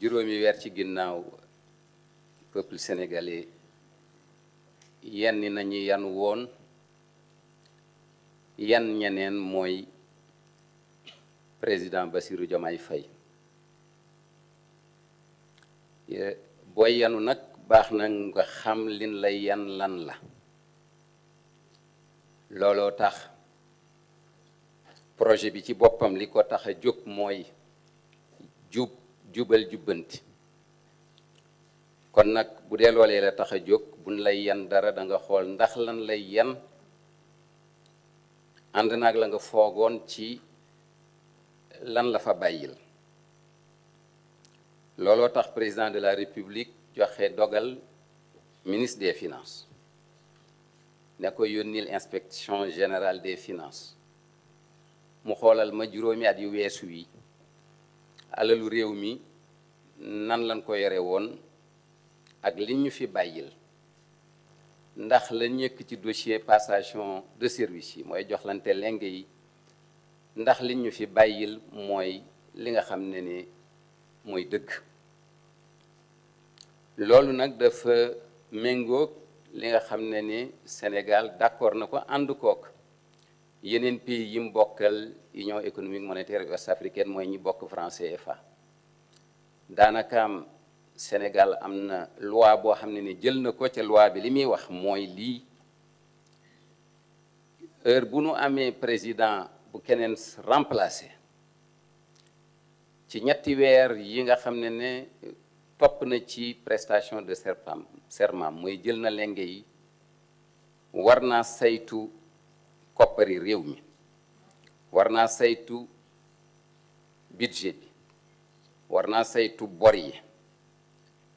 juróomi weer ci ginnaaw peuple sénégalais yenn nañu yan woon yan ñeneen mooy président Bassirou Diomaye fay booy yanu nag baax na nga xam lin lay yan lan la looloo tax projet bi ci boppam li ko tax a jóg mooy jub jubal jubbanti kon nag bu dee loolee la tax a jóg buñ lay yan dara da nga xool ndax lan lay yan ànd naag la nga foogoon ci lan la fa bàyyil looloo tax président de la république joxe dogal ministre des finances ne ko yónnil inspection générale des finance mu xoolal ma juróomi at yu weesu yi alalu réew mi nan lañ ko yore woon ak li ñu fi bàyyil ndax la ñekk ci dossier passation de service yi mooy joxlante leng yi ndax li ñu fi bàyyil mooy li nga xam ne ni mooy dëkk loolu nag dafa méngoog li nga xam ne ni Sénégal d'accord na ko ànd kook yeneen pays yi mu union économique monétaire ouest africaine mooy ñi bokk franc CFA daanakaam Sénégal am na loi boo xam ne ni jël na ko ci loi bi li muy wax mooy lii heure bu nu amee président bu keneen remplacé ci ñetti weer yi nga xam ne ne topp na ci prestation de serpam serment mooy jël na lenge yi war naa saytu koppari réew mi war naa saytu budget bi war naa saytu bor yi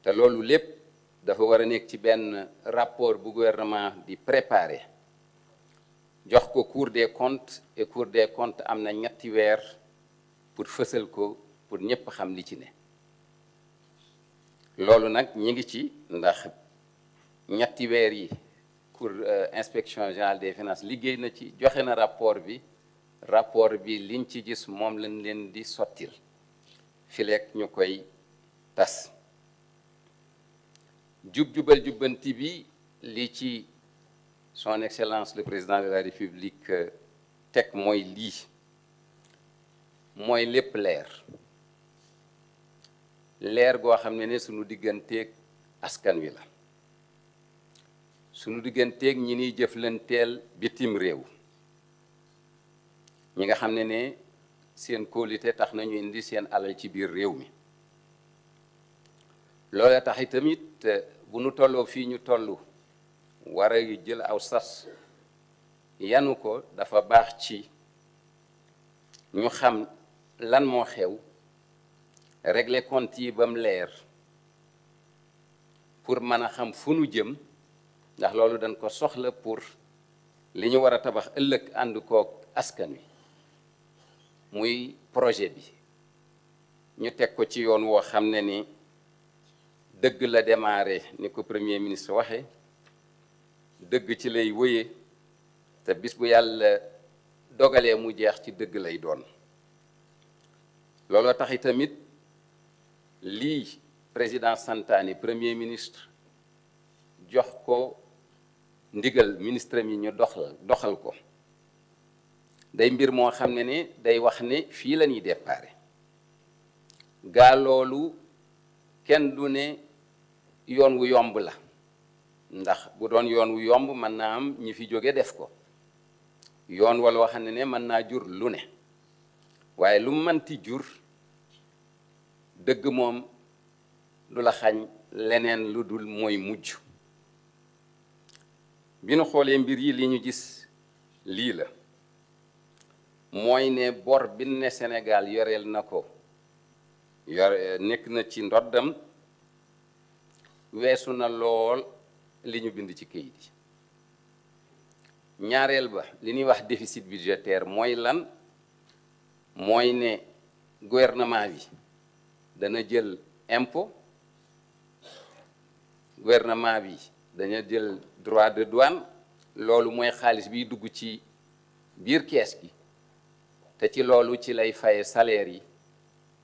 te loolu lépp dafa war a nekk ci benn rapport bu gouvernement di préparer jox ko cour des comptes am na ñetti weer pour fësal ko pour ñépp xam li ci ne loolu nag ñi ngi ci ndax ñetti weer yi cour euh, inspection générale des finances liggéey na ci joxe na rapport bi rapport bi liñ ci gis moom lañ leen di sottil fileek ñu koy tas jub jubal jubbanti bi li ci son excellence le président de la république euh, teg mooy lii mooy lépp leer leer goo xam ne ne suñu digganteeg askan wi la sunu digganteeg ñi ñuy jëflanteel bitim réew ñi nga xam ne ne seen kóolite tax nañu indi seen alal ci biir réew mi loola tax itamit eh, bu nu tolloo fii ñu toll war a jël aw sas yanu ko dafa baax ci ñu xam lan moo xew régler compte yi ba mu leer pour mën a xam fu nu jëm ndax loolu dañ ko soxla pour li ñu war a tabax ëllëg ànd kook askan wi muy projet bi ñu teg ko ci yoon woo xam ne ni dëgg la démarré ni ko premier ministre waxe dëgg ci lay wëyee te bis bu yàlla dogalee mu jeex ci dëgg lay doon looloo tax tamit lii président santaani premier ministre jox ko ndigal ministre mi ñu doxal doxal ko day mbir moo xam ne ni day wax ne fii la ñuy déparé gaa loolu kenn du ne yoon wu yomb la ndax bu doon yoon wu yomb mën naa am ñi fi jóge def ko yoon wala wax ne ne mën naa jur lu ne waaye lu mënti jur dëgg moom du la xañ leneen lu dul mooy mujj bi nu xoolee mbir yi li ñu gis lii la mooy ne bor bi ne Sénégal yoreel na ko yore nekk na ci ndoddam weesu na lool li ñu bind ci këyit yi ñaareel ba li ñuy wax déficit budgétaire mooy lan mooy ne gouvernement bi dana jël impôt gouvernement bi daña jël droit de douane loolu mooy xaalis biy dugg ci biir kees bi te ci loolu ci lay faye salaire yi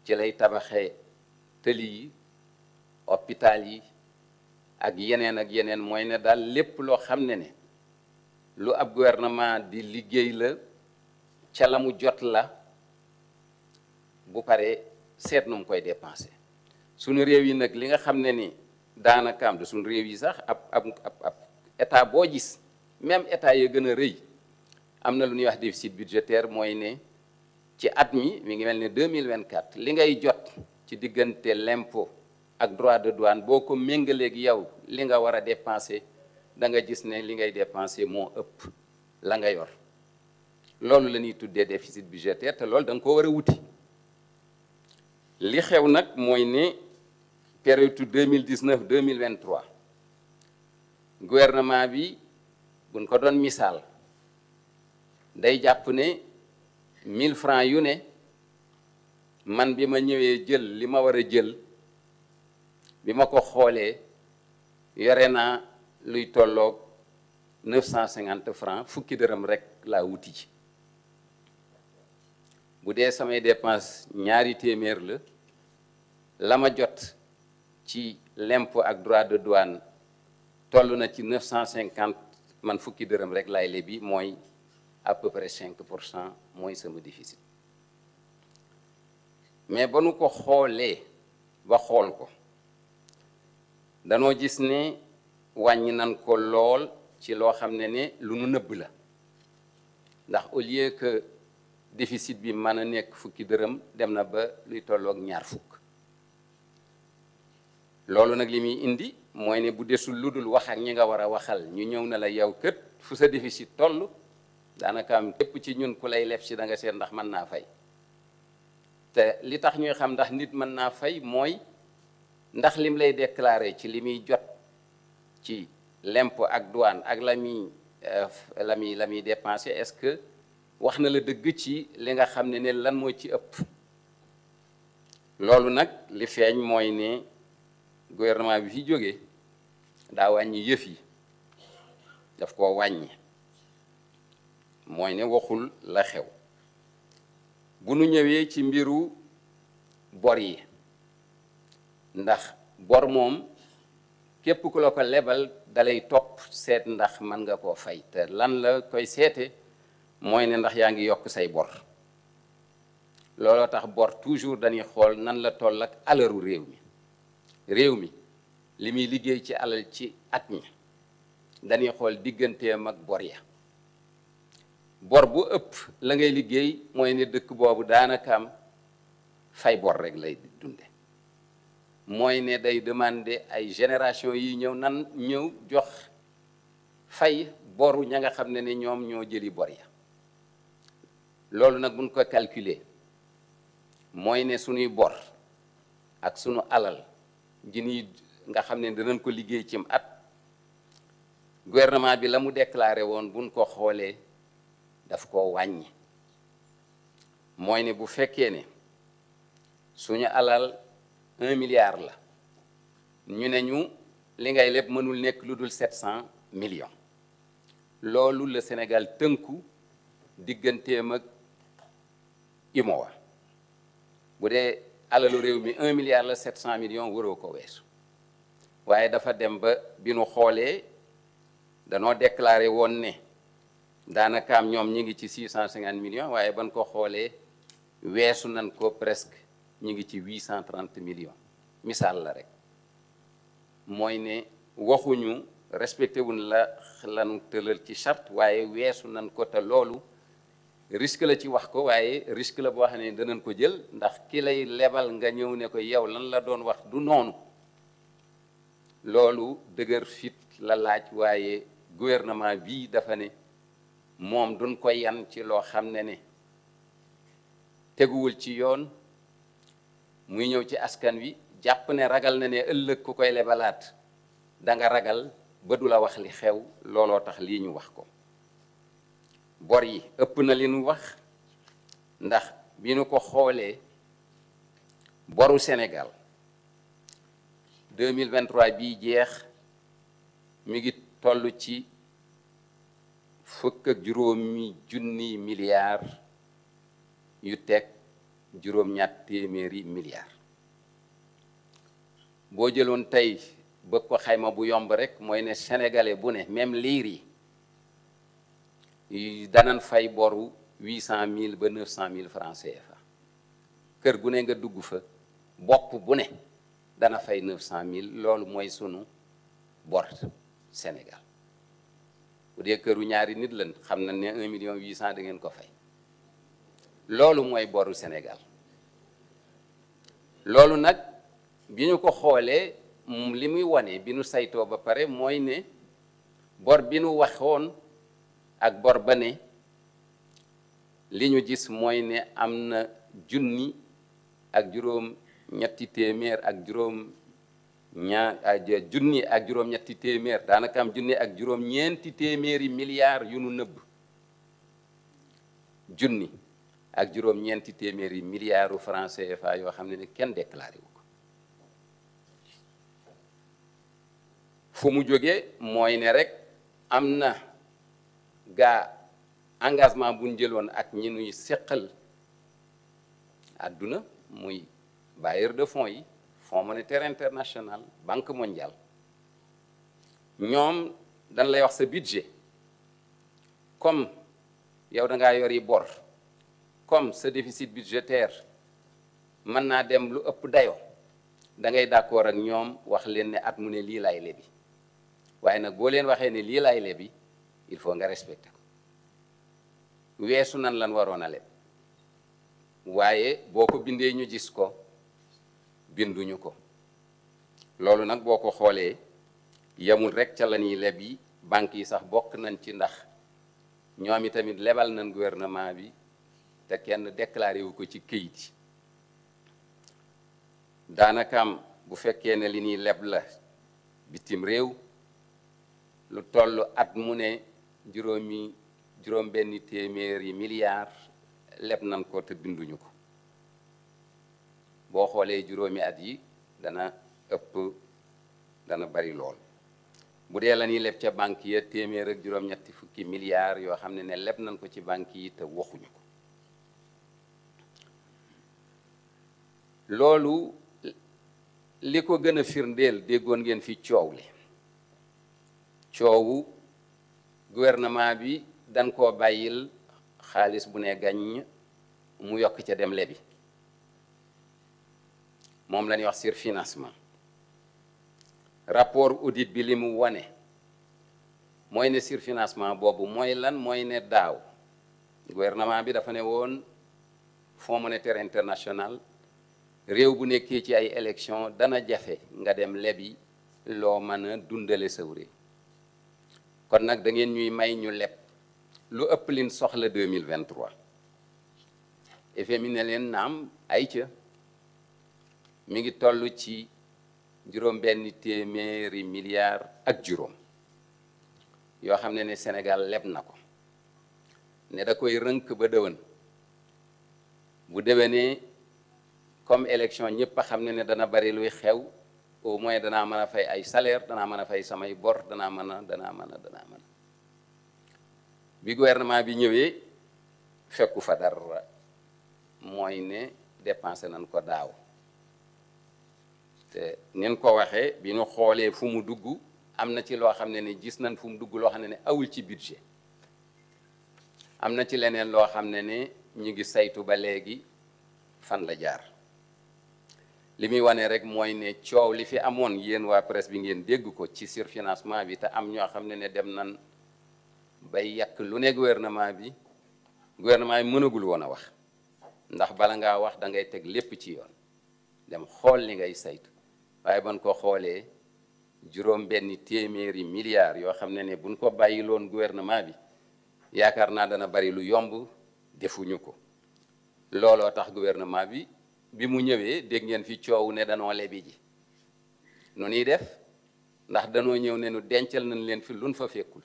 ci lay tabaxee tëli yi hôpital yi ak yeneen ak yeneen mooy ne daal lépp loo xam ne ne lu ab gouvernement di liggéey la ca la mu jot la bu pare seet nu mu koy dépensé sunu réew yi nag li nga xam ne ni daanaka am de suñu réew yi sax ab ab ab état boo gis même état ya gën a rëy am na lu ñuy wax déficit budgétaire mooy ne ci at mi mi ngi mel ne 2024 li ngay jot ci diggante l'impôt ak droit de douane boo ko méngaleeg yow li nga war a dépenser da nga gis ne li ngay dépenser moo ëpp la nga yor loolu la ñuy tuddee déficit budgétaire te lool danga nga ko war a wuti li xew nag mooy ne période 2019 2023 gouvernement bi buñ ko doon misaal day jàpp ne mille francs yu ne man bi ma ñëwee jël li ma war a jël bi ma ko xoolee yore naa luy tolloog neuf cent cinquante francs fukki dërëm rek laa wuti ci bu dee samay dépense ñaari téeméer la la ma jot ci l'impôt ak droit de douane toll na ci neuf cent cinquante man fukki dërëm rek laay lebi mooy à peu cinq pour cent mooy sama déficit mais ba nu ko xoolee ba xool ko danoo gis ne wàññi nan ko lool ci loo xam ne ne lu nu nëbb la ndax au lieu que déficit bi mën a nekk fukki dërëm dem na ba luy tollook ñaar fukk loolu nag li muy indi mooy ne bu desul lu dul wax ak ñi nga war a waxal ñu ñëw na la yow kët fu sa déficit toll daanaka am képp ci ñun ku lay lef si da nga seet ndax mën naa fay te li tax ñuy xam ndax nit mën naa fay mooy ndax lim lay déclaré ci li muy jot ci lemp ak duwaan ak euh, la muy la muy la muy dépensé est-ce que wax na la dëgg ci li nga xam ne ne lan moo ci ëpp loolu nag li feeñ mooy ne gouvernement bi fi jógee daa wàññi yëf yi daf koo wàññi mooy ne waxul la xew bu nu ñëwee ci mbiru bor yi ndax bor moom képp ku la ko lebal dalay topp seet ndax mën nga koo fay te lan la koy seete mooy ne ndax yaa ngi yokk say bor looloo tax bor toujours dañuy xool nan la toll ak alalu réew mi réew mi li muy liggéey ci alal ci at mi dañuy xool digganteem ak bor ya bor bu ëpp la ngay liggéey mooy ne dëkk boobu daanakaam fay bor rek lay dunde mooy ne day demande ay génération yi ñëw nan ñëw jox fay boru ña nga xam ne ne ñoom ñoo jëli bor ya loolu nag buñ ko calculer mooy ne suñuy bor ak suñu alal ji nii nga xam ne danañ ko liggéey cim at gouvernement bi la mu déclaré woon buñ ko xoolee daf ko wàññi mooy ne bu fekkee ne suñu alal un milliard la ñu ne ñu li ngay lépp mënul nekk lu dul sept cent millions loolu la Sénégal tënku digganteem ak UEMOA bu dee alalu réew mi un milliard la sept cent million waroo ko weesu waaye dafa dem ba bi nu xoolee danoo déclaré woon ne daanakaam ñoom ñu ngi ci 650 millions waaye ban ko xoolee weesu nañ ko presque ñu ngi ci 830 millions misaal la rek mooy ne waxuñu respecté wuñ la lan tëlal ci charte waaye weesu nañ ko te loolu risque la ci wax ko waaye risque la boo xam ne danañ ko jël ndax ki lay lebal nga ñëw ne ko yow lan la doon wax du noonu loolu dëgër fit la laaj waaye gouvernement bi dafa ne moom duñ ko yan ci loo xam ne ni teguwul ci yoon muy ñëw ci askan wi jàpp ne ragal na ne ëllëg ku koy lebalaat da nga ragal ba du la wax li xew looloo tax lii ñu wax ko bor yi ëpp na li ñu wax ndax bi nu ko xoolee boru Sénégal 2023 bii jeex mi ngi toll ci fukk ak juróomi junni milliards yu teg juróom-ñaar téeméeri milliards boo jëloon tey bëgg ko xayma bu yomb rek mooy ne sénégalais bu ne même liir yi danan fay boru huit cent mille ba neuf cent mille francs CFA kër gu ne nga dugg fa bopp bu ne dana fay neuf cent mille loolu mooy sunu bor Sénégal bu dee këru ñaari nit lan xam na ne un million huit cent da ngeen ko fay loolu mooy boru senegal loolu nag bi ñu ko xoolee li muy wane bi ñu saytoo ba pare mooy ne bor bi nu waxoon ak bor ba ne li ñu gis mooy ne am na junni ak juróom ñetti téeméer ak juróom ñaa junni ak juróom-ñetti téeméer daanaka am junni ak juróom-ñeenti téeméeri milliards yu nu nëbb junni ak juróom-ñeenti téeméeri milliards u franc CFA yoo xam ne ne kenn déclaré wu ko fu mu jógee mooy ne rek am na gaa engagement bu ñu jëloon ak ñi nuy seqal àdduna muy bailleur de fonds yi. Fonds monétaire international Banque mondial ñoom dañ lay wax sa budget comme yow dangaa yor yi bor comme sa déficit budgétaire mën naa dem lu ëpp dayoo dangay ngay d'accord ak ñoom wax leen ne at mu ne lii laay lebi waaye nag boo leen waxee ne lii laay lebi il faut nga respecter weesu nan lan waroon a leb waaye boo ko bindee ñu gis ko binduñu ko loolu nag boo ko xoolee yemul rek ca la ñuy leb yi banques yi sax bokk nañ ci ndax ñoom i tamit lebal nañ gouvernement bi te kenn déclaré wu ko ci këyit yi daanakaam bu fekkee ne li ñuy leb la bitim réew lu toll at mu ne juróomi juróom benn téeméeri milliards leb nañ ko te binduñu ko boo xoolee juróomi at yi dana ëpp dana bari lool bu dee la ñuy leb ca banque ya téeméer ak juróom-ñetti fukki milliards yoo xam ne ne leb nañ ko ci banque yi te waxuñu ko loolu li ko gën a firndeel déggoon ngeen fi coow li coowu gouvernement bi dañ koo bàyyil xaalis bu ne gàññ mu yokk ca dem lebi moom la ñuy wax surfinancement rapport audit bi li mu wane mooy ne surfinancement boobu mooy lan mooy ne daaw gouvernement bi dafa ne woon fonds monétaire international réew bu nekkee ci ay élection dana jafe nga dem lebi loo mën a dundale saw kon nag da ngeen ñuy may ñu leb lu ëpp lin soxla 2023 effet mi ne leen naam ay ca mi ngi toll ci juróom benn téeméeri milliards ak juróom yoo xam ne ne Sénégal lépp na ko ne da koy rënk ba dëwën bu déwénee comme élection ñëpp a xam ne ne dana bari luy xew au moins danaa mën a fay ay salaire danaa mën a fay samay bor danaa mën a danaa mën a danaa mën a bi gouvernement bi ñëwee fekku fa dara mooy ne dépensé nañ ko daaw te nin ko waxee bi ñu xoolee fu mu dugg am na ci loo xam ne ni gis nañ fu mu dugg loo xam ne ne awul ci budget am na ci leneen loo xam ne ni ñu ngi saytu ba léegi fan la jaar li muy wane rek mooy ne coow li fi amoon yéen waa presse bi ngeen dégg ko ci surfinancement bi te am ñoo xam ne ne dem nan bay yàq lu ne gouvernement bi gouvernement bi mënagul woon a wax ndax bala ngaa wax dangay teg lépp ci yoon dem xool li ngay saytu waaye ban ko xoolee juróom benn téeméeri milliards yoo xam ne ne buñ ko bàyyi loon gouvernement bi yaakaar naa dana bari lu yomb defuñu ko looloo tax gouvernement bi bi mu ñëwee dégg ngeen fi coow ne danoo lebi ji nu ñuy def ndax danoo ñëw ne nu dencal nañ leen fi luñ fa fekkul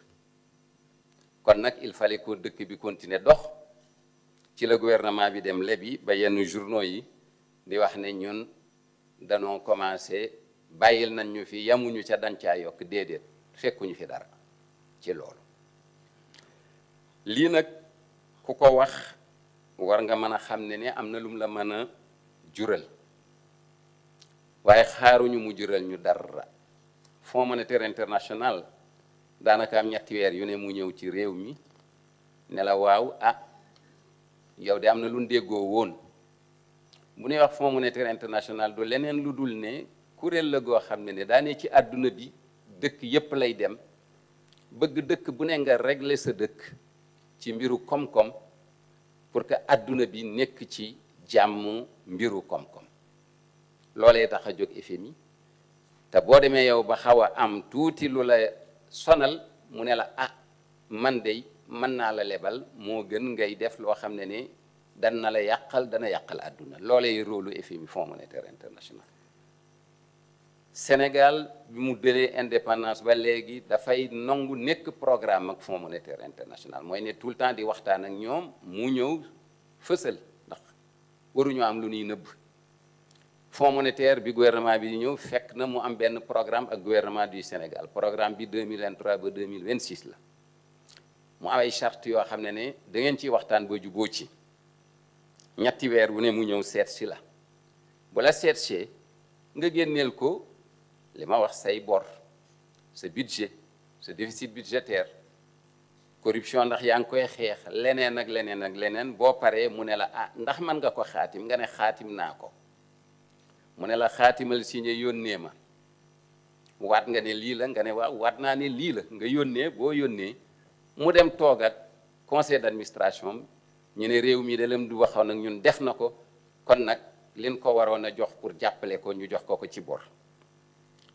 kon nag il fallait que dëkk bi continuer dox ci la gouvernement bi dem lebi ba yenn journaux yi di wax ne ñun danoo commencé bàyyil nañ ñu fi yamuñu ca dañ caa yokk déedéet fekkuñu fi dara ci loolu lii nag ku ko wax war nga mën a xam ne ni am na lum la mën a jural waaye xaaruñu mu jural ñu dara Fonds monétaire international daanaka am ñetti weer yu ne mu ñëw ci réew mi ne la waaw a ah, yow de am na lu déggoo woon bu ñuy wax Fonds monétaire international du leneen lu dul ne kuréel la goo xam ne ni daa ne ci àdduna bi dëkk yépp lay dem bëgg dëkk bu ne nga régler sa dëkk ci mbiru koom-koom pour que àdduna bi nekk ci jàmm mbiru koom-koom loolee tax a jóg FMI te boo demee yow ba xaw a am tuuti lu la sonal mu ne la ah man dey mën naa la lebal moo gën ngay def loo xam ne ne dana la yàqal dana yàqal àdduna loolee rôle FMI Fonds monétaire international Sénégal bi mu jëlee indépendance ba léegi dafay nangu nekk programme ak Fonds monétaire international mooy ne tout le temps di waxtaan ak ñoom mu ñëw fësal ndax waruñu am lu ñuy nëbb Fonds monétaire bi gouvernement bi ñëw fekk na mu am benn programme ak gouvernement du Sénégal programme bi deux mille 2023 ba 2026 la mu am ay charte yoo xam ne ne da ngeen ciy waxtaan ba juboo ci ñetti weer wu ne mu ñëw seet si la bu la seet nga génneel ko li ma wax say bor sa budget sa déficit budgétaire corruption ndax yaa ngi koy xeex leneen ak leneen ak leneen boo paree mu ne la ah ndax mën nga ko xaatim nga ne xaatim naa ko mu ne la xaatimal signé yónnee ma waat nga ne lii la nga ne waaw waat naa ne lii la nga yónnee boo yónnee mu dem toog ak conseil d'administration ñu ne réew mii da leen du waxoon nag ñun def na ko kon nag leen ko waroon a jox pour jàppale ko ñu jox ko ko ci bor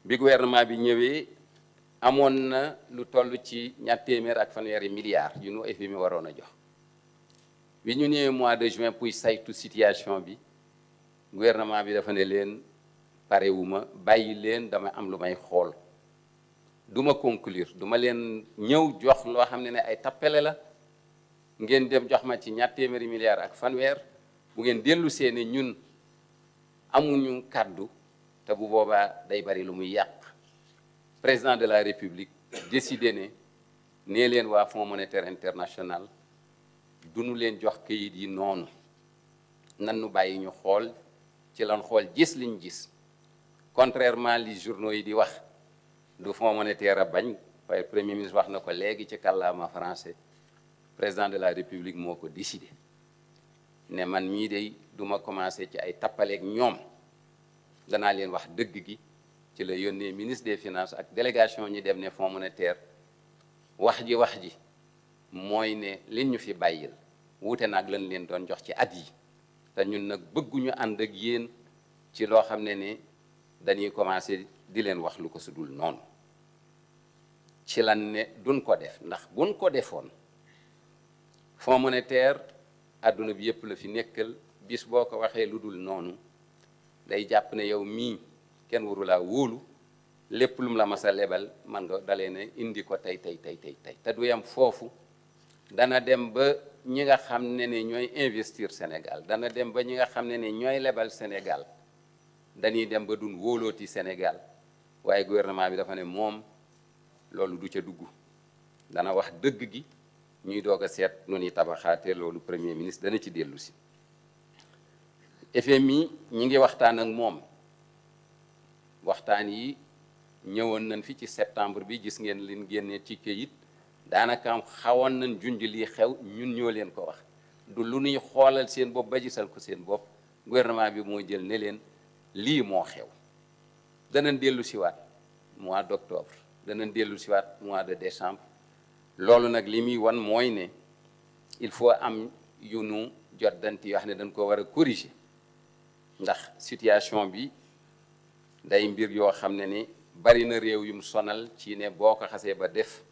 bi gouvernement bi ñëwee amoon na lu toll ci ñaar téeméer ak fanweeri milliards yu nu FMI waroon a jox bi ñu ñëwee mois de juin pour saytu situation bi gouvernement bi dafa ne leen parewuma bàyyi leen dama am lu may xool duma conclure duma leen ñëw jox loo xam ne ne ay tappale la ngeen dem jox ma ci ñaar téeméeri milliards ak fanweer bu ngeen dellu see ne ñun amuñu kàddu te bu boobaa day bari lu muy yàq président de la république décidé ne nee leen waa fonds monétaire international duñu leen jox këyit yi noonu nan nu bàyyi ñu xool ci lan xool gis liñ gis contrairement li journaux yi di wax du fonds monétaire a bañ waaye premier ministre wax na ko léegi ci kàllaama français président de la république moo ko décidé ne man ñii de duma ma commencé ci ay tappaleeg ñoom danaa leen wax dëgg gi ci la yónnee ministre des finance ak délégation ñi dem ne fonds monetaire wax ji wax ji mooy ne liñ ñu fi bàyyil wuute nag lañ leen doon jox ci at yi te ñun nag bëgguñu ànd ak yéen ci loo xam ne ni dañuy commencé di leen wax lu ko sudul noonu ci lan ne duñ ko def ndax buñ ko defoon fonds monétaire àdduna bi yëpp la fi nekkal bis boo ko waxee lu dul noonu day jàpp ne yow mii kenn waru laa wóolu lépp lu la mas a lebal man nga dalee ne indi ko tey tey tey tey tey te du yam foofu dana dem ba ñi nga xam ne ne ñooy investir Sénégal dana dem ba ñi nga xam ne ne ñooy lebal Sénégal dañuy dem ba dun wóolooti Sénégal waaye gouvernement bi dafa ne moom loolu du ca dugg dana wax dëgg gi ñuy doog a seet nu ñuy tabaxaate loolu premier ministre dana ci dellusi si mi ñu ngi waxtaan ak moom waxtaan yi ñëwoon nañ fi ci septembre bi gis ngeen leen génnee ci këyit daanaka am xawoon nañ junj lii xew ñun ñëw leen ko wax du lu ñuy xoolal seen bopp ba gisal ko seen bopp gouvernement bi moo jël ne leen lii moo xew danañ dellu siwaat mois d' octobre danañ dellu siwaat mois de décembre loolu nag li muy wan mooy ne il faut am yu nu jotdanti yoo xam ne dañ ko war a corriger ndax situation bi day mbir yoo xam ne ni bari na réew yum sonal ci ne boo ko xasee ba def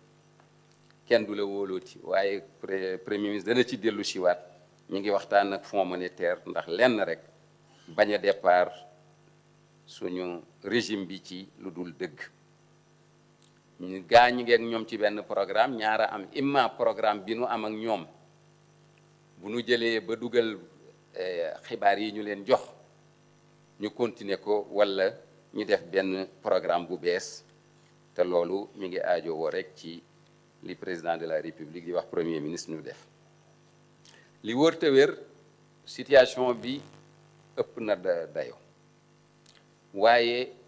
kenn du la wóolooti waaye premier ministre dana ci dellu siwaat ñu ngi waxtaan ak fonds monétaire ndax lenn rek bañ a départ suñu régime bi ci lu dul dëgg gaa ñu ngeeg ñoom ci benn programme ñaara am imma programme bi nu am ak ñoom bu nu jëlee ba dugal eh, xibaar yi ñu leen jox ñu continuer ko walla ñu def benn programme bu bees te loolu ñu ngi aajowoo rek ci li président de la république di wax premier ministre ñu def li wër te wér situation bi ëpp na dayo waaye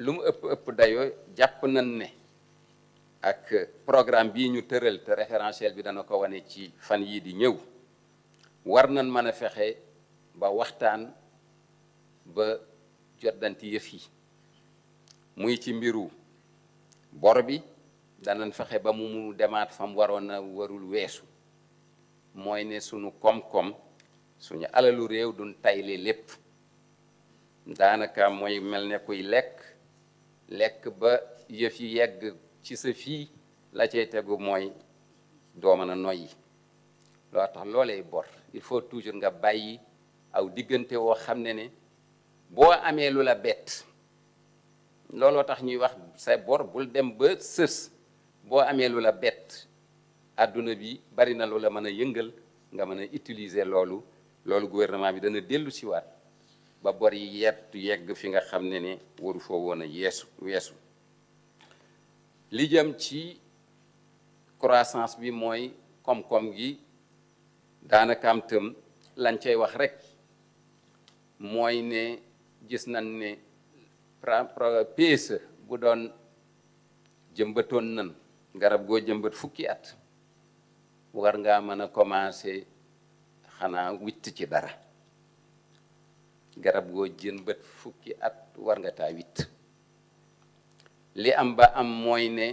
lu mu ëpp ëpp dayoo jàpp nañ ne ak programme bii ñu tëral te référentiel bi dana ko wane ci fan yii di ñëw war nañ mën a fexe ba waxtaan ba jot jotdanti yëf yi muy ci mbiru bor bi danañ fexe ba mu mu demaat fam waroon a warul weesu mooy ne sunu koom-koom suñu alalu réew du duñ tayle lépp daanaka mooy mel ne kuy lekk lekk ba yëf yi yegg ci sa fii la cay tegu mooy doo mën a noyyi loo tax loolee bor il faut toujours nga bàyyi aw diggante woo xam ne ne boo amee lu la bett looloo tax ñuy wax sa bor bul dem ba sës boo amee lu la bett àdduna bi bari na lu la mën a yëngal nga mën a utiliser loolu loolu gouvernement bi dana dellu siwaat ba bor yi yettu yegg fi nga xam ne ni waru foo woon a yeesu weesu li jëm ci croissance bi mooy koom-koom gi daanaka tëm lañ cay wax rek mooy ne gis nañ ne PSE bu doon jëmbëtoon nan garab goo jëmbat fukki at war ngaa mën a commencé xanaa witt ci dara garab goo jëmbat fukki at war nga li am ba am mooy ne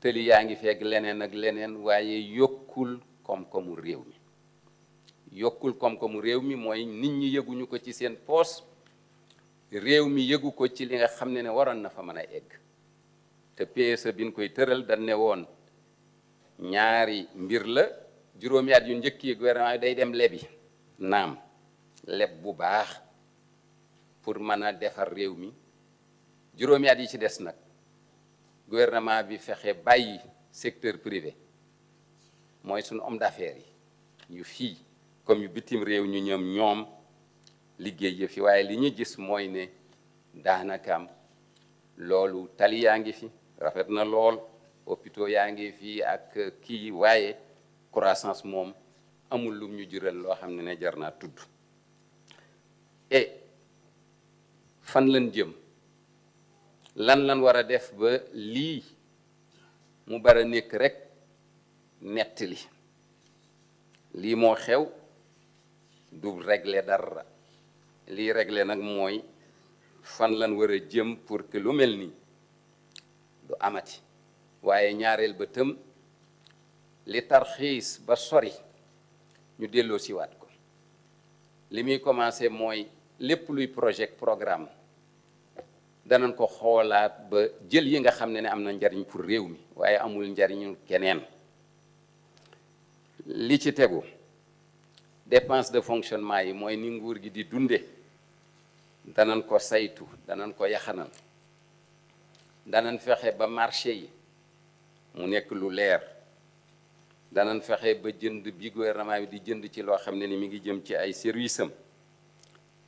tëli yaa ngi feeg leneen ak leneen waaye yokkul koom-koomu réew mi yokkul koom-koomu réew mi mooy nit ñi yëguñu ko ci seen poos réew mi yëgu ko ci li nga xam ne ne waroon na fa mën a egg te PSE bi koy tëral dañ ne woon ñaari mbir la juróomi at yu njëkk yi gouvernement day dem lebi naam leb bu baax pour mën a defar réew mi juróomi at yi ci des nag gouvernement bi fexe bàyyi secteur privé mooy suñu homme d'affaires yi ñu fii comme yu bitim réew ñu ñoom ñoom liggéey yëf yi waaye li ñu gis mooy ne daanakaam loolu tali yaa ngi fi rafet na lool hôpitaux yaa ngi fi ak kii waaye croissance moom amul ñu jural loo xam ne ne jar naa tudd et fan lan jëm lan lan war a def ba lii mu bara nekk rek li lii moo xew du régler dara lii régler nag mooy fan lan war a jëm pour que lu mel nii du amati waaye ñaareel ba tëm li tarxiis ba sori ñu delloo siwaat ko li muy commencé mooy lépp luy projet programme danañ ko xoolaat ba jël yi nga xam ne ne am na njariñ pour réew mi waaye amul njariñu keneen li ci tegu dépense de fonctionnement yi mooy ni nguur gi di dunde danañ ko saytu danañ ko yaxanal danañ fexe ba marché yi mu nekk lu leer danan fexe ba jënd bi gouvernement bi di jënd ci loo xam ne ni mi ngi jëm ci ay service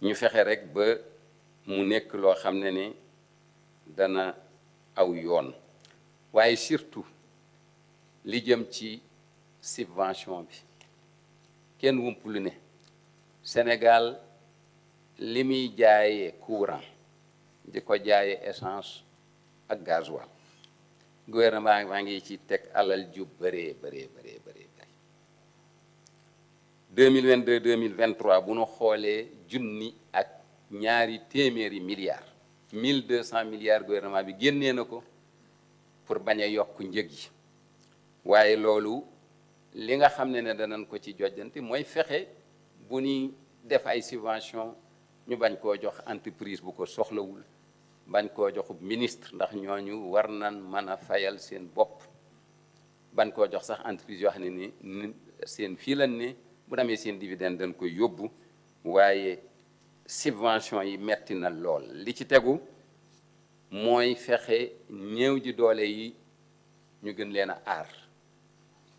ñu fexe rek ba mu nekk loo xam ne ni dana aw yoon waaye surtout li jëm ci subvention bi kenn wump lu ne Sénégal li muy jaayee courant di ko jaaye essence ak gasoil gouvernement maa ngi ci teg alal ju bëree bëree bëree bëree bëri 2022 2023 bu nu xoolee junni ak ñaari téeméeri milliards mille deux cent milliards gouvernement bi génnee na ko pour bañ a yokk njëg yi waaye loolu li nga xam ne ne danañ ko ci jojjanti mooy fexe bu ñuy def ay subvention ñu bañ koo jox entreprise bu ko soxlawul bañ koo joxub ministre ndax ñooñu war nan mën a fayal seen bopp bañ koo jox sax entreprise yoo xam ne ni seen fii lan ne bu demee seen dividende dañ koy yóbbu waaye subvention yi metti na lool li ci tegu mooy fexe ñëw ji doole yi ñu gën leen a aar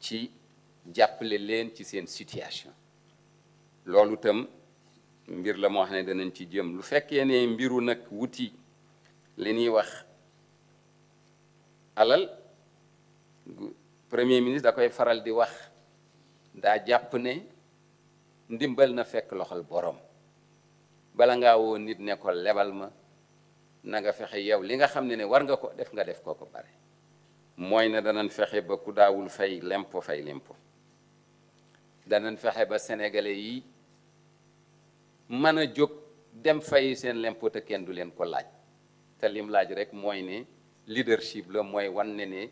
ci jàppale leen ci seen situation loolu itam mbir la moo xam ne danañ ci jëm lu fekkee ne mbiru nag wuti li ñuy wax alal premier ministre da koy faral di wax daa jàpp ne ndimbal na fekk loxol boroom bala ngaa woo nit ne ko lebal ma nanga fexe yow li nga xam ne ne war nga ko def nga def ko ko bare mooy ne danañ fexe ba ku daawul fay lempo fay lempo danañ fexe ba sénégalais yi mën a jóg dem fay seen lempo te kenn du leen ko laaj te lim laaj rek mooy ne leadership la mooy wan ne ne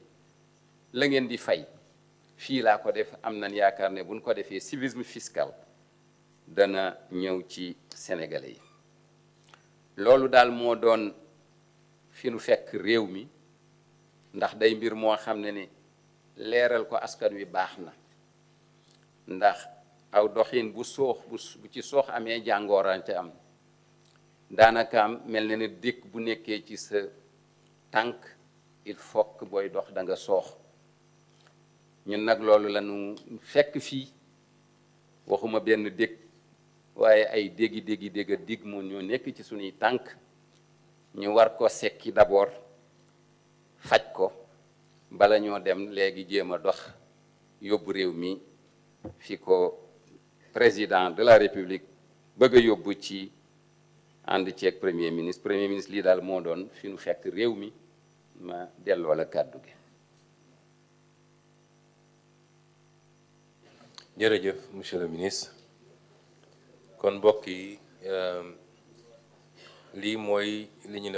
la ngeen di fay fii laa ko def am nañ yaakaar ne buñ ko defee civisme fiscal dana ñëw ci sénégalais yi loolu daal moo doon fi nu fekk réew mi ndax day mbir moo xam ne ni leeral ko askan wi baax na ndax aw doxin bu soox bu ci soox amee jàngoorante am daanaka am mel na ne dëkk bu nekkee ci sa tànk il faut booy dox danga soox ñun nag loolu la ñu fekk fii waxuma benn dëkk waaye ay déggi déggi dégg dig mu ñoo nekk ci suñuy tànk ñu war ko sekki d'abord faj ko bala ñoo dem léegi jéem a dox yóbbu réew mi fi ko président de la république bëgg yóbbu ci ànd ceeg premier ministre premier ministre lii daal moo doon fi nu fekk réew mi ma delloo la kàddu gi. monsieur le kon mbokk yi euh, lii mooy li ñu ne